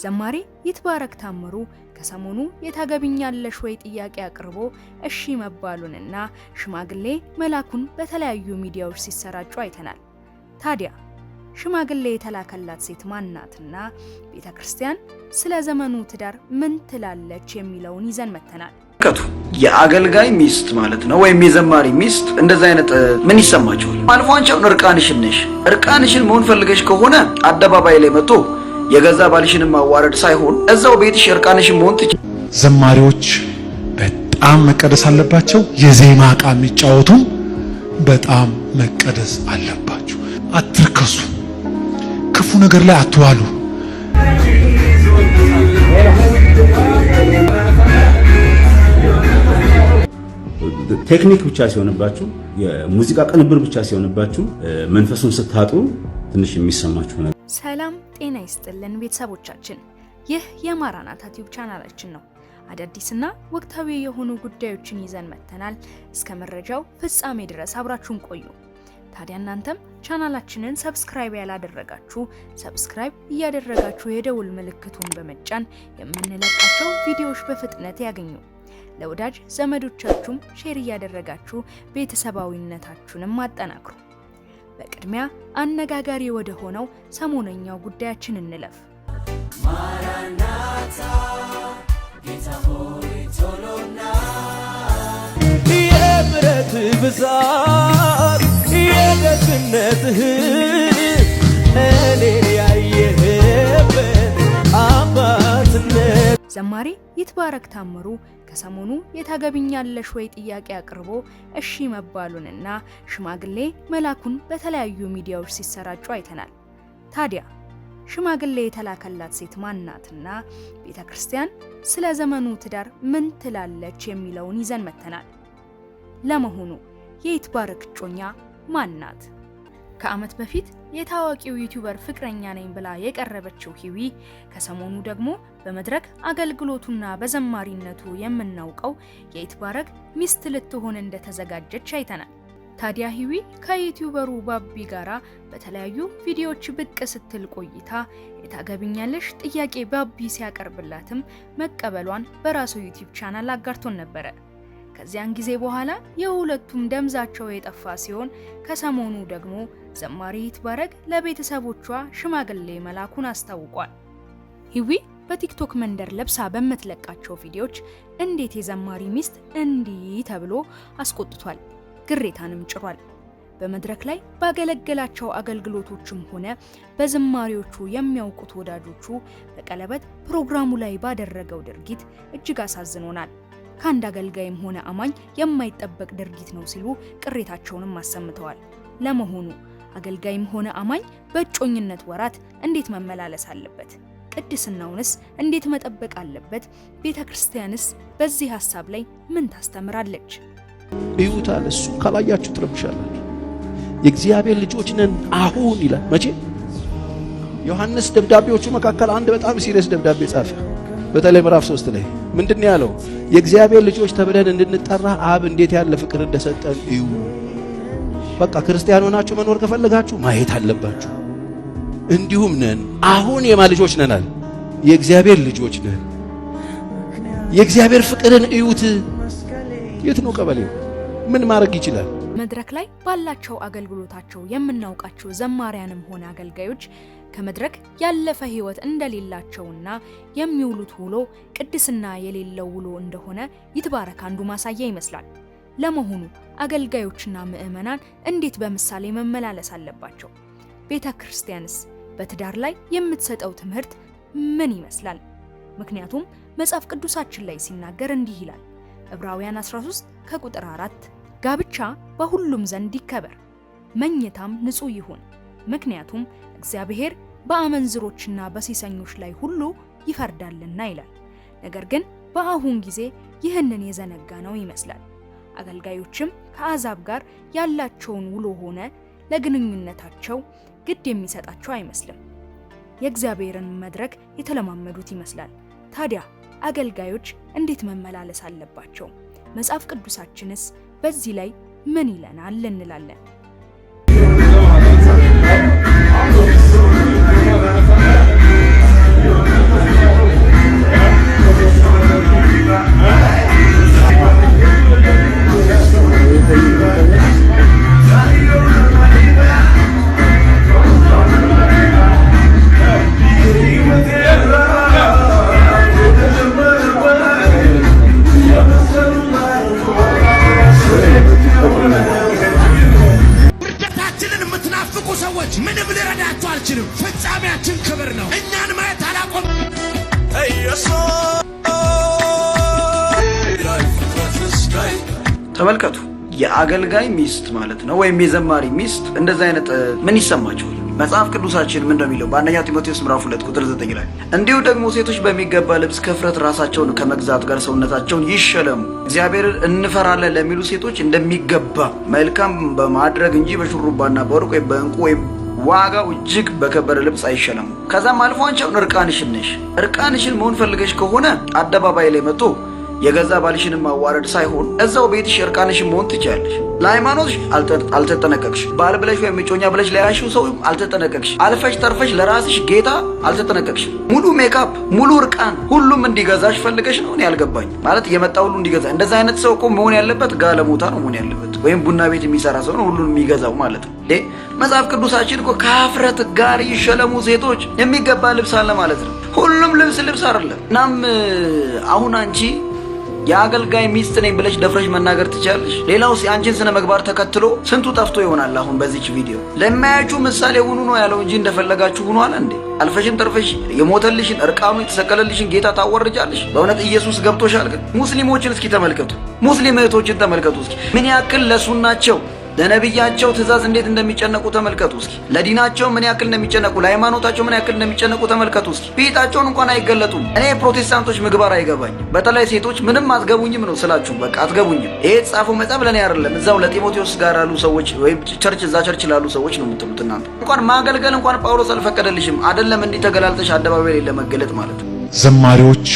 ዘማሪ ይትባረክ ታምሩ ከሰሞኑ የታገቢኛለሽ ወይ ጥያቄ አቅርቦ እሺ መባሉንና ሽማግሌ መላኩን በተለያዩ ሚዲያዎች ሲሰራጩ አይተናል። ታዲያ ሽማግሌ የተላከላት ሴት ማናትና ቤተ ክርስቲያን ስለ ዘመኑ ትዳር ምን ትላለች የሚለውን ይዘን መተናል። የአገልጋይ ሚስት ማለት ነው ወይም የዘማሪ ሚስት እንደዚህ አይነት ምን ይሰማቸዋል? አልፎ አንቺ አሁን እርቃንሽን ነሽ። እርቃንሽን መሆን ፈልገሽ ከሆነ አደባባይ ላይ መጥቶ የገዛ ባልሽን ማዋረድ ሳይሆን እዛው ቤትሽ እርቃንሽን መሆን ትች ዘማሪዎች በጣም መቀደስ አለባቸው። የዜማ ዕቃ የሚጫወቱም በጣም መቀደስ አለባቸው። አትርከሱ፣ ክፉ ነገር ላይ አትዋሉ። ቴክኒክ ብቻ ሲሆንባችሁ፣ የሙዚቃ ቅንብር ብቻ ሲሆንባችሁ፣ መንፈሱን ስታጡ ትንሽ የሚሰማችሁ ነገር ሰላም ጤና ይስጥልን ቤተሰቦቻችን፣ ይህ የማራናታ ቲዩብ ቻናላችን ነው። አዳዲስና ወቅታዊ የሆኑ ጉዳዮችን ይዘን መጥተናል። እስከ መረጃው ፍጻሜ ድረስ አብራችሁን ቆዩ። ታዲያ እናንተም ቻናላችንን ሰብስክራይብ ያላደረጋችሁ ሰብስክራይብ እያደረጋችሁ የደውል ምልክቱን በመጫን የምንለቃቸው ቪዲዮዎች በፍጥነት ያገኙ። ለወዳጅ ዘመዶቻችሁም ሼር እያደረጋችሁ ቤተሰባዊነታችሁንም አጠናክሩ። በቅድሚያ አነጋጋሪ ወደ ሆነው ሰሞነኛው ጉዳያችን እንለፍ። ማራናታ ጌታ ሆይ ቶሎና። የምሕረት ብዛት የደግነትህ ዘማሪ ይትባረክ ታምሩ ከሰሞኑ የታገቢኛለሽ ወይ ጥያቄ አቅርቦ እሺ መባሉንና ሽማግሌ መላኩን በተለያዩ ሚዲያዎች ሲሰራጩ አይተናል። ታዲያ ሽማግሌ የተላከላት ሴት ማናትና ቤተ ክርስቲያን ስለ ዘመኑ ትዳር ምን ትላለች የሚለውን ይዘን መተናል? ለመሆኑ የይትባረክ እጮኛ ማን ናት? ከዓመት በፊት የታዋቂው ዩቲዩበር ፍቅረኛ ነኝ ብላ የቀረበችው ሂዊ ከሰሞኑ ደግሞ በመድረክ አገልግሎቱና በዘማሪነቱ የምናውቀው የኢትባረክ ሚስት ልትሆን እንደተዘጋጀች አይተናል። ታዲያ ሂዊ ከዩቲዩበሩ ባቢ ጋራ በተለያዩ ቪዲዮዎች ብቅ ስትል ቆይታ የታገቢኛለሽ ጥያቄ ባቢ ሲያቀርብላትም መቀበሏን በራሱ ዩቲዩብ ቻናል አጋርቶን ነበረ። ከዚያን ጊዜ በኋላ የሁለቱም ደምዛቸው የጠፋ ሲሆን ከሰሞኑ ደግሞ ዘማሪት በረግ ለቤተሰቦቿ ሽማግሌ መላኩን አስታውቋል። ሂዊ በቲክቶክ መንደር ለብሳ በምትለቃቸው ቪዲዮዎች እንዴት የዘማሪ ሚስት እንዲህ ተብሎ አስቆጥቷል፣ ግሬታንም ጭሯል። በመድረክ ላይ ባገለገላቸው አገልግሎቶችም ሆነ በዝማሪዎቹ የሚያውቁት ወዳጆቹ በቀለበት ፕሮግራሙ ላይ ባደረገው ድርጊት እጅግ አሳዝኖናል ከአንድ አገልጋይም ሆነ አማኝ የማይጠበቅ ድርጊት ነው ሲሉ ቅሬታቸውንም አሰምተዋል። ለመሆኑ አገልጋይም ሆነ አማኝ በእጮኝነት ወራት እንዴት መመላለስ አለበት? ቅድስናውንስ እንዴት መጠበቅ አለበት? ቤተ ክርስቲያንስ በዚህ ሀሳብ ላይ ምን ታስተምራለች? እዩታል። እሱ ካላያችሁ ትረብሻላችሁ። የእግዚአብሔር ልጆች ነን አሁን ይላል። መቼ ዮሐንስ ደብዳቤዎቹ መካከል አንድ በጣም ሲሪየስ ደብዳቤ ጻፈ። በተለይ ምዕራፍ ሶስት ላይ ምንድን ያለው? የእግዚአብሔር ልጆች ተብለን እንድንጠራ አብ እንዴት ያለ ፍቅር እንደሰጠን እዩ። በቃ ክርስቲያን ሆናችሁ መኖር ከፈለጋችሁ ማየት አለባችሁ። እንዲሁም ነን። አሁን የማ ልጆች ነናል? የእግዚአብሔር ልጆች ነን። የእግዚአብሔር ፍቅርን እዩት። የት ነው ቀበሌው? ምን ማድረግ ይችላል? መድረክ ላይ ባላቸው አገልግሎታቸው የምናውቃቸው ዘማሪያንም ሆነ አገልጋዮች ከመድረክ ያለፈ ሕይወት እንደሌላቸውና የሚውሉት ውሎ ቅድስና የሌለው ውሎ እንደሆነ ይትባረክ አንዱ ማሳያ ይመስላል። ለመሆኑ አገልጋዮችና ምዕመናን እንዴት በምሳሌ መመላለስ አለባቸው? ቤተ ክርስቲያንስ በትዳር ላይ የምትሰጠው ትምህርት ምን ይመስላል? ምክንያቱም መጽሐፍ ቅዱሳችን ላይ ሲናገር እንዲህ ይላል፣ ዕብራውያን 13 ከቁጥር 4 ጋብቻ በሁሉም ዘንድ ይከበር፣ መኝታም ንጹሕ ይሁን ምክንያቱም እግዚአብሔር በአመንዝሮችና በሴሰኞች ላይ ሁሉ ይፈርዳልና ይላል። ነገር ግን በአሁን ጊዜ ይህንን የዘነጋ ነው ይመስላል። አገልጋዮችም ከአዛብ ጋር ያላቸውን ውሎ ሆነ ለግንኙነታቸው ግድ የሚሰጣቸው አይመስልም። የእግዚአብሔርን መድረክ የተለማመዱት ይመስላል። ታዲያ አገልጋዮች እንዴት መመላለስ አለባቸው? መጽሐፍ ቅዱሳችንስ በዚህ ላይ ምን ይለናል እንላለን። ሰዎች ምንም ልረዳችሁ አልችልም። ፍጻሜያችን ክብር ነው። እኛን ማየት አላቆም ተመልከቱ። የአገልጋይ ሚስት ማለት ነው ወይም የዘማሪ ሚስት እንደዚህ አይነት ምን ይሰማቸዋል? መጽሐፍ ቅዱሳችን ምን እንደሚለው በአንደኛ ጢሞቴዎስ ምዕራፍ 2 ቁጥር 9 ላይ እንዲሁ ደግሞ ሴቶች በሚገባ ልብስ ከፍረት ራሳቸውን ከመግዛት ጋር ሰውነታቸውን ይሸለሙ፣ እግዚአብሔርን እንፈራለን ለሚሉ ሴቶች እንደሚገባ መልካም በማድረግ እንጂ በሹሩባና በወርቅ ወይም በእንቁ ወይም ዋጋው እጅግ በከበረ ልብስ አይሸለሙ። ከዛም አልፎ አንቺ እርቃንሽን ነሽ። እርቃንሽን መሆን ፈልገሽ ከሆነ አደባባይ ላይ መጥቶ የገዛ ባልሽንም ማዋረድ ሳይሆን እዛው ቤትሽ እርቃንሽን መሆን ትችያለሽ። ለሃይማኖትሽ አልተጠነቀቅሽ፣ ባል ብለሽ ወይም እጮኛ ብለሽ ለያሽው ሰው አልተጠነቀቅሽ፣ አልፈሽ ተርፈሽ ለራስሽ ጌታ አልተጠነቀቅሽ። ሙሉ ሜካፕ፣ ሙሉ እርቃን፣ ሁሉም እንዲገዛሽ ፈልገሽ ነው። ያልገባኝ ማለት የመጣ ሁሉ እንዲገዛ። እንደዛ አይነት ሰው እኮ መሆን ያለበት ጋለሞታ ነው መሆን ያለበት፣ ወይም ቡና ቤት የሚሰራ ሰው ነው ሁሉን የሚገዛው ማለት ነው። መጽሐፍ ቅዱሳችን እኮ ከሀፍረት ጋር ይሸለሙ ሴቶች የሚገባ ልብስ አለ ማለት ነው። ሁሉም ልብስ ልብስ አይደለም። እናም አሁን አንቺ የአገልጋይ ሚስት ነኝ ብለሽ ደፍረሽ መናገር ትችላለሽ። ሌላው የአንቺን ስነ መግባር ተከትሎ ስንቱ ጠፍቶ ይሆናል። አሁን በዚች ቪዲዮ ለማያችሁ ምሳሌ ሁኑ ነው ያለው እንጂ እንደፈለጋችሁ ሁኑ አለ እንዴ? አልፈሽን ተርፈሽ የሞተልሽን እርቃኑ የተሰቀለልሽን ጌታ ታወርጃለሽ። በእውነት ኢየሱስ ገብቶሻል። ግን ሙስሊሞችን እስኪ ተመልከቱ፣ ሙስሊም እህቶችን ተመልከቱ እስኪ ምን ያክል ለሱናቸው ለነቢያቸው ትእዛዝ እንዴት እንደሚጨነቁ ተመልከቱ እስኪ። ለዲናቸው ምን ያክል እንደሚጨነቁ፣ ለሃይማኖታቸው ምን ያክል እንደሚጨነቁ ተመልከቱ እስኪ። ፊታቸውን እንኳን አይገለጡም። እኔ ፕሮቴስታንቶች ምግባር አይገባኝም። በተለይ ሴቶች ምንም አትገቡኝም ነው ስላችሁ፣ በቃ አትገቡኝም። ይሄ የተጻፈው መጽሐፍ ለእኔ አይደለም። እዛው ለጢሞቴዎስ ጋር ያሉ ሰዎች ወይም ቸርች እዛ ቸርች ላሉ ሰዎች ነው የምትሉት እናንተ። እንኳን ማገልገል እንኳን ጳውሎስ አልፈቀደልሽም አይደለም። እንዲህ ተገላልጠሽ አደባባይ ላይ ለመገለጥ ማለት ነው። ዘማሪዎች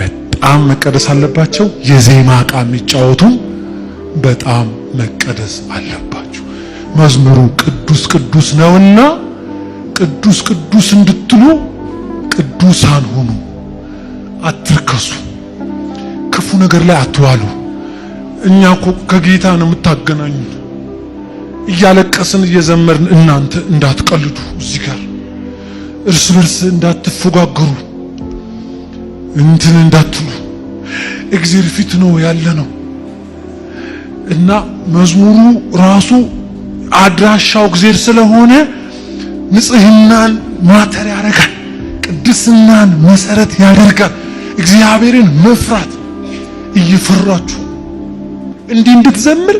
በጣም መቀደስ አለባቸው። የዜማ ዕቃ የሚጫወቱም በጣም መቀደስ አለባችሁ። መዝሙሩ ቅዱስ ቅዱስ ነውና ቅዱስ ቅዱስ እንድትሉ ቅዱሳን ሁኑ። አትርከሱ፣ ክፉ ነገር ላይ አትዋሉ። እኛ እኮ ከጌታ ነው የምታገናኙት እያለቀስን እየዘመርን እናንተ እንዳትቀልዱ፣ እዚህ ጋር እርስ በርስ እንዳትፎጋገሩ፣ እንትን እንዳትሉ እግዚአብሔር ፊት ነው ያለ ነው። እና መዝሙሩ ራሱ አድራሻው እግዜር ስለሆነ ንጽህናን ማተር ያደርጋል። ቅድስናን መሰረት ያደርጋል። እግዚአብሔርን መፍራት እየፈራችሁ እንዲህ እንድትዘምር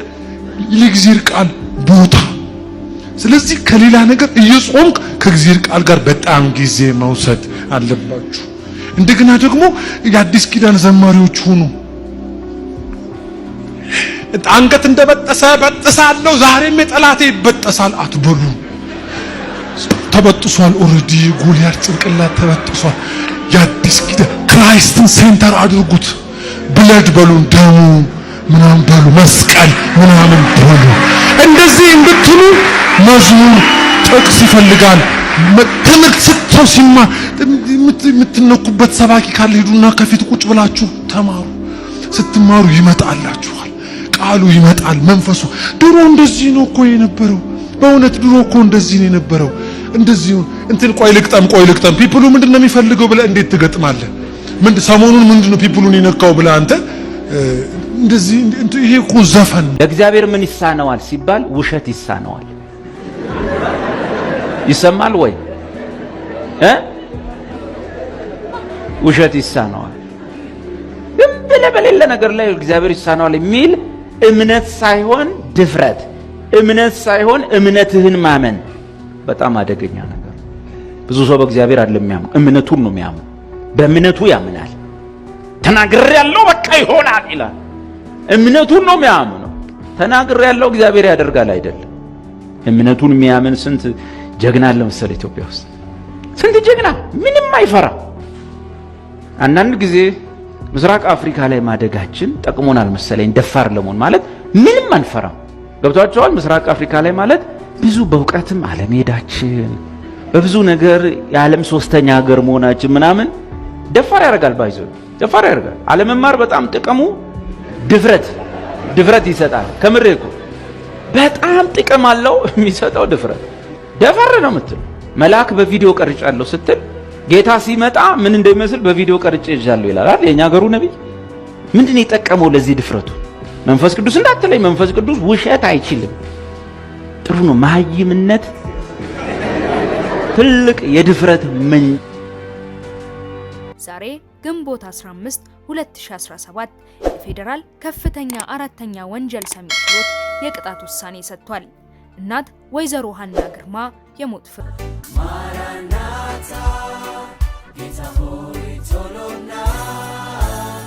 ለእግዚአብሔር ቃል ቦታ። ስለዚህ ከሌላ ነገር እየጾምክ ከእግዚአብሔር ቃል ጋር በጣም ጊዜ መውሰድ አለባችሁ። እንደገና ደግሞ የአዲስ ኪዳን ዘማሪዎች ሁኑ። አንገት እንደበጠሰ በጥሳለሁ፣ ዛሬም የጠላቴ ይበጠሳል አትበሉ። ተበጥሷል። ኦልሬዲ ጎልያድ ጭንቅላት ተበጥሷል። የአዲስ ኪዳን ክራይስትን ሴንተር አድርጉት። ብለድ በሉ፣ ደሙ ምናምን በሉ፣ መስቀል ምናምን በሉ። እንደዚህ እንድትሉ መዝሙር ጥቅስ ይፈልጋል። ትምህርት ስትሰው ሲማ የምትነኩበት ሰባኪ ካለ ከፊት ቁጭ ብላችሁ ተማሩ። ስትማሩ ይመጣላችሁ። ቃሉ ይመጣል፣ መንፈሱ። ድሮ እንደዚህ ነው እኮ የነበረው። በእውነት ድሮ እኮ እንደዚህ ነው የነበረው። እንደዚህ እንትን ቆይ ልቅጠም፣ ቆይ ልቅጠም፣ ፒፕሉ ምንድን ነው የሚፈልገው ብለህ እንዴት ትገጥማለህ? ምን ሰሞኑን ምንድን ነው ፒፕሉን የነካው ብለህ አንተ እንደዚህ ይሄ እኮ ዘፈን። ለእግዚአብሔር ምን ይሳነዋል ሲባል ውሸት ይሳነዋል። ይሰማል ወይ እ ውሸት ይሳነዋል። ዝም በሌለ ነገር ላይ እግዚአብሔር ይሳነዋል የሚል እምነት ሳይሆን ድፍረት፣ እምነት ሳይሆን እምነትህን ማመን በጣም አደገኛ ነገር። ብዙ ሰው በእግዚአብሔር አለ የሚያምኑ እምነቱን ነው የሚያምኑ፣ በእምነቱ ያምናል። ተናግር ያለው በቃ ይሆናል ይላል። እምነቱን ነው የሚያምኑ። ተናግር ያለው እግዚአብሔር ያደርጋል አይደለም። እምነቱን የሚያምን ስንት ጀግና አለ መሰለ ኢትዮጵያ ውስጥ ስንት ጀግና ምንም አይፈራ። አንዳንድ ጊዜ ምስራቅ አፍሪካ ላይ ማደጋችን ጠቅሞናል መሰለኝ። ደፋር ለመሆን ማለት ምንም አንፈራም። ገብቷቸዋል። ምስራቅ አፍሪካ ላይ ማለት ብዙ በእውቀትም አለመሄዳችን በብዙ ነገር የዓለም ሶስተኛ ሀገር መሆናችን ምናምን ደፋር ያደርጋል። ባይዞ ደፋር ያደርጋል። አለመማር በጣም ጥቅሙ ድፍረት ድፍረት ይሰጣል። ከምሬ እኮ በጣም ጥቅም አለው የሚሰጠው ድፍረት። ደፈር ነው የምትል መልአክ በቪዲዮ ቀርጫለሁ ስትል ጌታ ሲመጣ ምን እንደሚመስል በቪዲዮ ቀርጬ ይዣለሁ ይላል አይደል? የኛ ሀገሩ ነቢይ ምንድን የጠቀመው ለዚህ ድፍረቱ? መንፈስ ቅዱስ እንዳትለኝ፣ መንፈስ ቅዱስ ውሸት አይችልም። ጥሩ ነው። መሀይምነት ትልቅ የድፍረት ምን። ዛሬ ግንቦት 15 2017 የፌዴራል ከፍተኛ አራተኛ ወንጀል ሰሚ ችሎት የቅጣት ውሳኔ ሰጥቷል። እናት ወይዘሮ ሀና ግርማ የሞት ፍርድ a nitahoi